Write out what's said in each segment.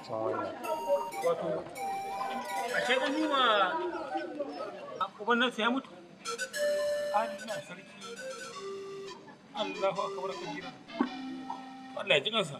cikin wato sai mutu sarki Allahu Allah ya ji kansa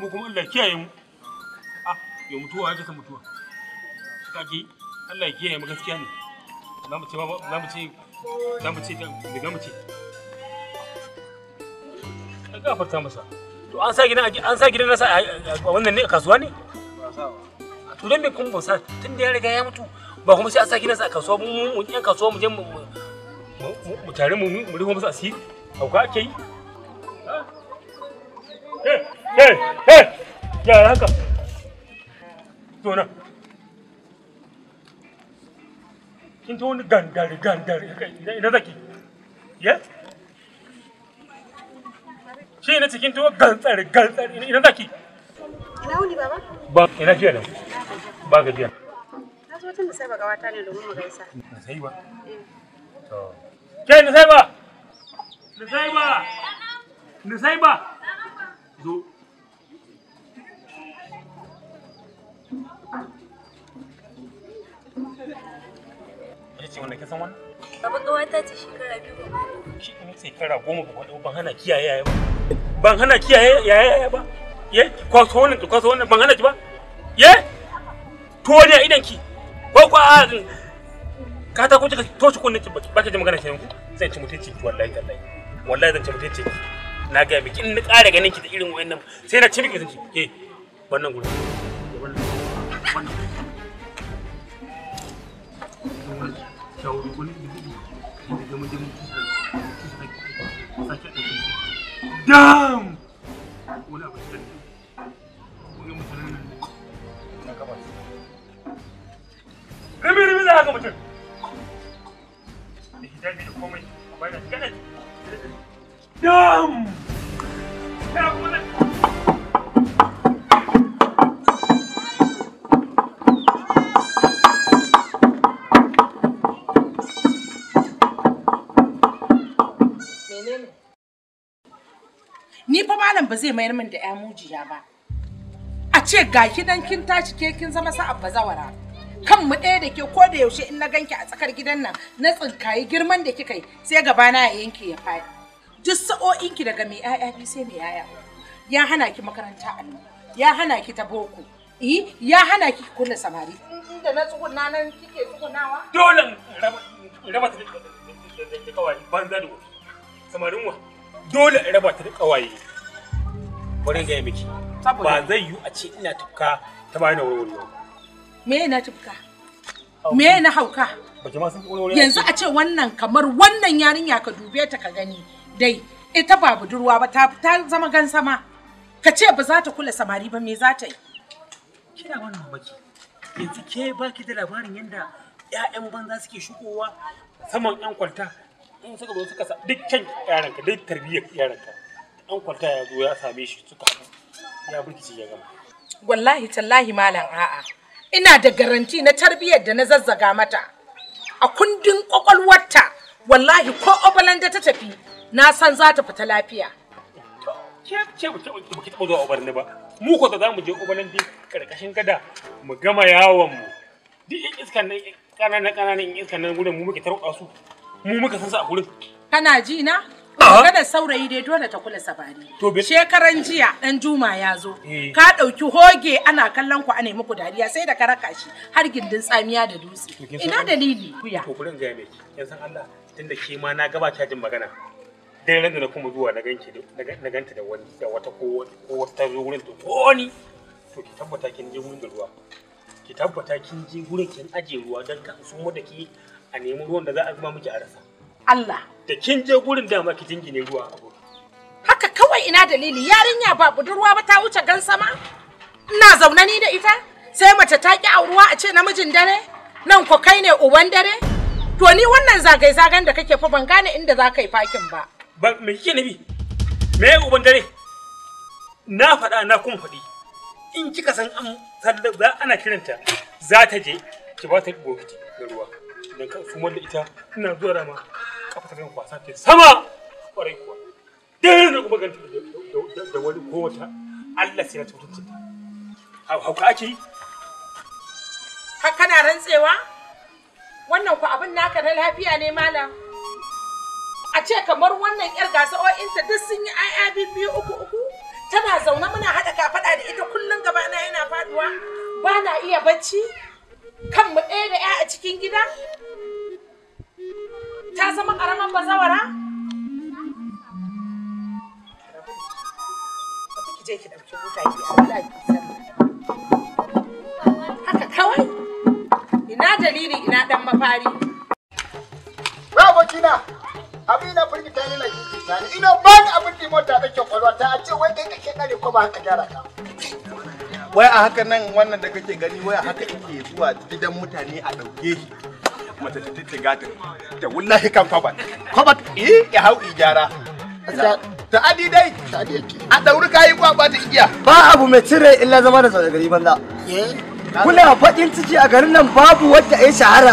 mu kuma Allah kiyaye mu ah ya mutuwa ya kasa mutuwa Allah ya kiyaye mu gaskiya ne za mu ce za mu ce za mu ce mu ce ka gafarta masa to an sa gidan an sa gidan nasa a wannan ne a kasuwa ne a to don me kuma sa tun da ya riga ya mutu ba kuma sai a sa a kasuwa mu mu yan kasuwa mu je mu mu tare mu mu rufe musu asiri hauka ake yi Ya haka zo kin wani gandari gandari ina zaki ya shi ne cikin tuwo gantsari gantsari ina zaki Ina wuni baba? Ba ina jiya nan. Ba ga Na zo tun da sai ba gawata ne domin mu gaisa. Na sai ba. To. Ke na sai ba. Na sai ba. sai ba. Zo. wannan? Baba gawata ce shekara biyu Shi ne shekara goma ba ban hana kiyaye ba. Ban hana kiyaye yaya ba. ye kwaso wannan wannan ki ko ko a ka ta kuce ka ba ji magana kenan ku zan ci mutunci wallahi wallahi zan ci na ga miki in da irin wayannan sai na ci ci ke wannan gurin wannan da ba zai mayar min da ya mujiya ba a ce ga dan kin tashi ke kin zama abba bazawara kan mu ɗaya da ke ko da yaushe in na ganki a tsakar gidan nan na tsinkayi girman da kika yi sai gabana ya yanke ya fadi. duk ki daga mai 'ya'ya bi sai mai 'ya'ya ya hana ki makaranta allo ya hana ki ta boko eh ya hana ki kunna samari inda na tsuguna nan kike tsugunawa dole raba ta da kawai banza da wasu samarin wa dole raba ta da kawaye wurin gaya miki ba zai yiwu a ce ina tufka ta bayan da wuri me na tufka me na hauka san yanzu a ce wannan kamar wannan yarinya ka dube ta ka gani dai ita ba budurwa ba ta ta zama gansama ka ce ba za ta kula samari ba me za ta yi kira wannan baki yanzu ke ki da labarin yadda 'ya'yan banza suke shigowa saman 'yan kwalta in suka zo suka sa dukkan yaranka duk tarbiyyar yaranka dan kwanta ya zo ya same shi suka ya burkice ya gama wallahi tallahi malam a'a ina da garanti na tarbiyyar da na zazzaga mata a kundin kwakwalwarta wallahi ko da ta tafi na san za ta fita lafiya ke ce ba ki taɓa zuwa obalanda ba mu ko za mu je obalanda karkashin gada mu gama yawon mu duk iskan nan kananan kananan iskan nan gurin mu muke tarƙa su mu muka san su a gurin kana ji na maganar saurayi dai dole ta kula sabari shekaran jiya dan juma ya zo eh. ka dauki hoge ana kallon ku ana muku dariya sai da ka raka shi har gindin tsamiya da dutse ina dalili kuya to gurin ga me kin san Allah tunda ke ma na gabata jin magana dan ran da na kuma zuwa na ganki na ganta da wani da wata ko wata zo to ko ni to ki tabbata kin je mun da ruwa ki tabbata kin je gurin kin aje ruwa dan ka so mu da ki a nemi ruwan da za a zuba miki a rasa Allah da kin je gurin dama ki jingine ruwa haka kawai ina dalili yarinya ba budurwa ba ta wuce gan sama ina zauna ni da ita sai mace ta ki auruwa a ce namijin dare nan ko kai ne uban dare to ni wannan zagai zagan da kake fa ban gane inda za ka yi fakin ba ba me kike nabi me uban dare na faɗa na kuma faɗi in kika san an za ana kiranta za ta je ki ba ta bokiti da ruwa dan ka sumar da ita ina zuwa rama kafa ta kwasa ke sama kwarai kuwa dai na kuma ganta da wani ko wata Allah sai ya tutunta ta hauka ake yi kana rantsewa wannan ku abin naka na lafiya ne malam a ce kamar wannan yar gasa o'inta duk sun yi ayya biyu uku uku tana zaune muna haɗa kafaɗa da ita kullum gaba na yana faduwa ba na iya bacci kan mu ɗaya da 'ya a cikin gida ta zama ƙaramin bazawara? Haka kawai? Ina dalili ina ɗan mafari. Bravo kina! Abin na firgita ni na gigita Ina ba ni abin da mota take kwalwa ta a ce wai kai kake kare ko ba haka gyara ka. Wai a haka nan wannan da kake gani wai a haka yake zuwa gidan mutane a ɗauke shi. mace ta diddiga ta da wallahi kan kwabat kwabat eh ya hau ijara ta adi dai a dauri kayi kwaba ta iya. ba abu mai cire illa zama da zaune gari banza eh? kuna faɗin ciki a garin nan babu wadda ya shahara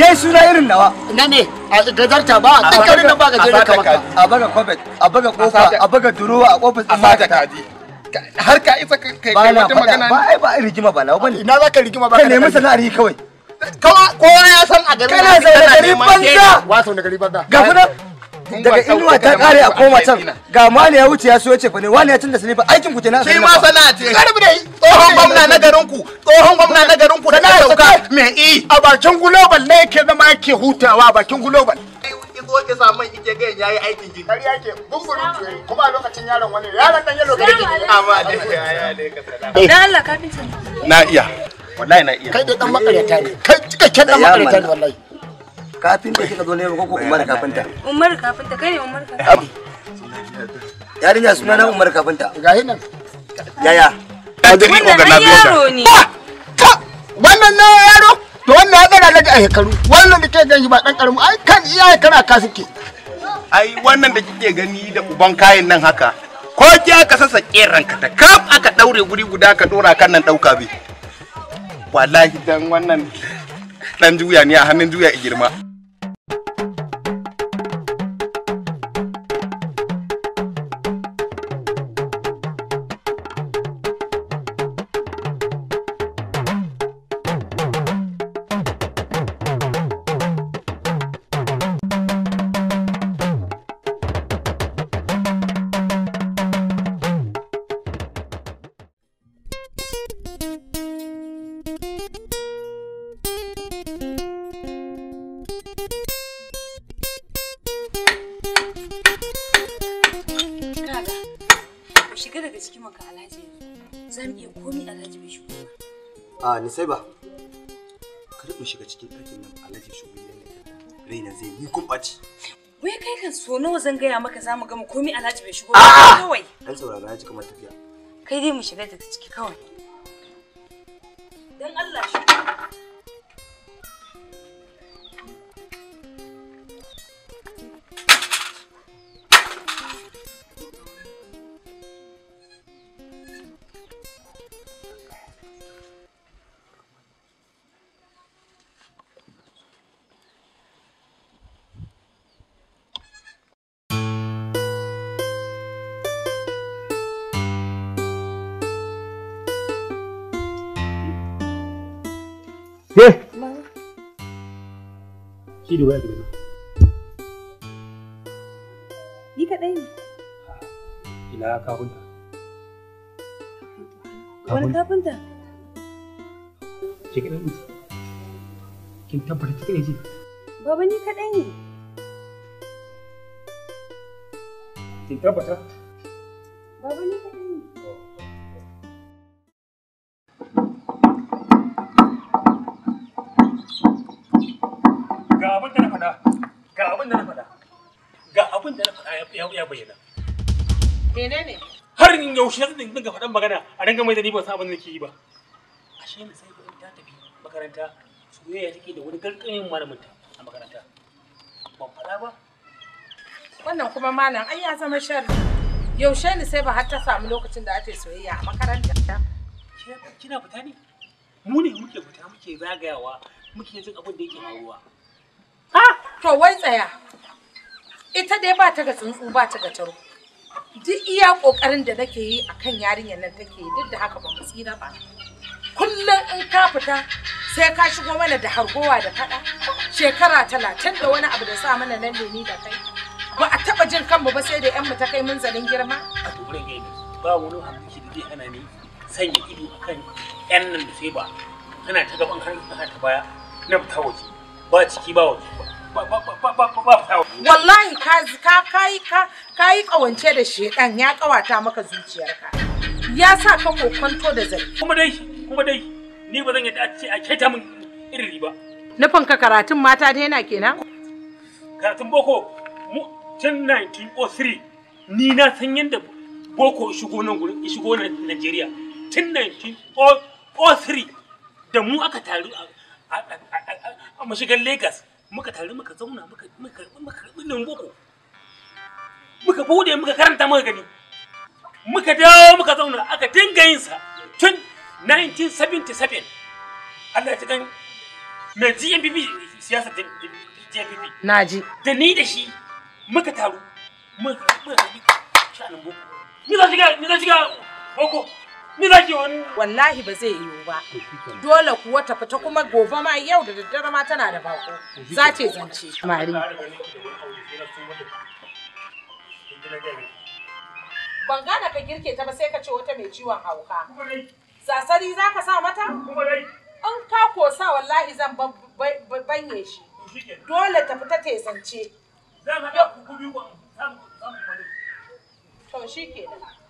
yayi suna irin nawa na ne a gazarta ba a tsakarin nan ba gajere kamar ka a baga kwabat a baga kofa a baga durowa a kofar tsimma ta kaji har ka isa kai wata magana ba ai ba rigima ba lawa bane ina zaka rigima ba ka nemi sana'ar yi kawai kowa ya san a garin kana zaune gari banza wato da gari banza ga kuna daga inuwa ta kare a koma can ga mali ya wuce ya so ya ce fa ne wani ya tunda sani ba aikin ku kenan shi ma sana'a ce garbi dai tsohon gwamna na garin ku tsohon gwamna na garin ku da na sauka me i a bakin global ne yake zama yake hutawa a bakin global zo ki samu ike ga ya aikin gini kuma a yaron yaron eh. dan yalo na iya wallahi na iya kai da dan makareta ne kai cikakken dan makareta ne wallahi kafin da kika zo ne ko ko umar kafinta umar kafinta kai ne umar kafinta yarinya suna na umar kafinta gahi nan yaya kadiri ogana biya wannan ah! na yaro to wannan ya tsara da shekaru wannan da ke gani ba dan karamu ai kan iyaye kana ka suke ai wannan da kike gani da uban kayan nan haka ko ki aka sassa keran ka ta kaf aka daure guri guda ka dora kan nan dauka bi wallahi dan wannan dan juya ne a hannun juya girma za mu iya komi alhaji bai shigo ba. A sai ba, kar mu shiga cikin ɗakin nan alhaji shigo ne raina zai yi kun ɓaci. Wai kai kan so nawa zan gaya maka za mu gama komi alhaji bai shigo ba kawai. Dan saurara na ji kamar tafiya. Kai dai mu shiga daga ciki kawai. Ke? Shi da waya gidana. Ni kaɗai ne. Ina kafinta. Wani kafinta? Ke kaɗai ne. Kin tabbata ke kaɗai ce? ga faɗan magana a ranga mai da ni ban san abin da nake yi ba ashe ne sai in ta tafi makaranta soyayya take da wani garkamin malamin a makaranta ban faɗa ba wannan kuma malam ai ya zama sharri yaushe ne sai ba har ta samu lokacin da ake soyayya a makaranta kina fita ne mu ne muke fita muke zagayawa muke jin abin da yake faruwa ha to wai tsaya ita dai ba ta ga tsuntsu ba ta ga taro duk iya kokarin da nake yi akan yarinyar nan take duk da haka ba mu tsira ba kullum in ka fita sai ka shigo mana da hargowa da fada shekara talatin da wani abu da sa mana nan ni da kai ba a taba jin kanmu ba sai da yan mu ta kai mun zanin girma a tukurin gaibe ba wani abinci da zai hana ni sanya ido akan yan nan da sai ba tana ta gaban kan ta baya na fita waje ba ciki ba waje ba ba ba ba ba ba wallahi ka kai ka yi kawance da shedan ya kawata maka zuciyarka ya sa ka kokonto da zai kuma dai kuma dai ni ba zan yadda a ce a keta min irin riba nufin ka karatun mata daina kenan karatun boko mu tun 1903 ni na san yadda boko shigo nan gurin shigo nan Najeriya tun 1903 da mu aka taru a mashigar Lagos muka tare muka zauna muka muka muka nan boko muka bude muka karanta muka gani muka dawo muka zauna aka dinga yin sa tun 1977 Allah ya kan mai GMPP siyasa din GMPP naji da ni da shi muka taru muka muka nan boko ni za shiga ni za shiga boko Ni wani. Wallahi ba zai yiwu ba. Dole kuwa ta fita kuma gobe ma yau da daddare ma tana da bako. Za ce zance. Mari. Ban gane ka girke ta ba sai ka ce wata mai ciwon hauka. Sasari za ka sa mata? In ka kosa wallahi zan banye shi. Dole ta fita ta zance. Zan haɗa ku biyu To shi kenan.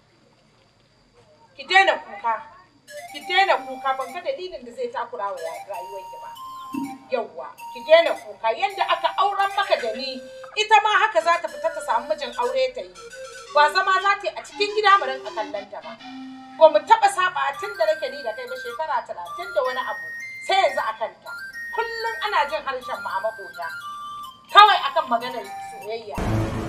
ki daina kuka ki daina kuka ban ga dalilin da zai takura wa rayuwarki ba yawwa ki daina kuka yanda aka auren maka da ni ita ma haka za ta fita ta samu mijin aure ta yi ba zama za ta yi a cikin gida mu rinka kallon ta ba ba mu taɓa saba tun da nake ni da kai ba shekara talatin da wani abu sai yanzu a kanta kullum ana jin harshen mu a maƙota kawai akan maganar soyayya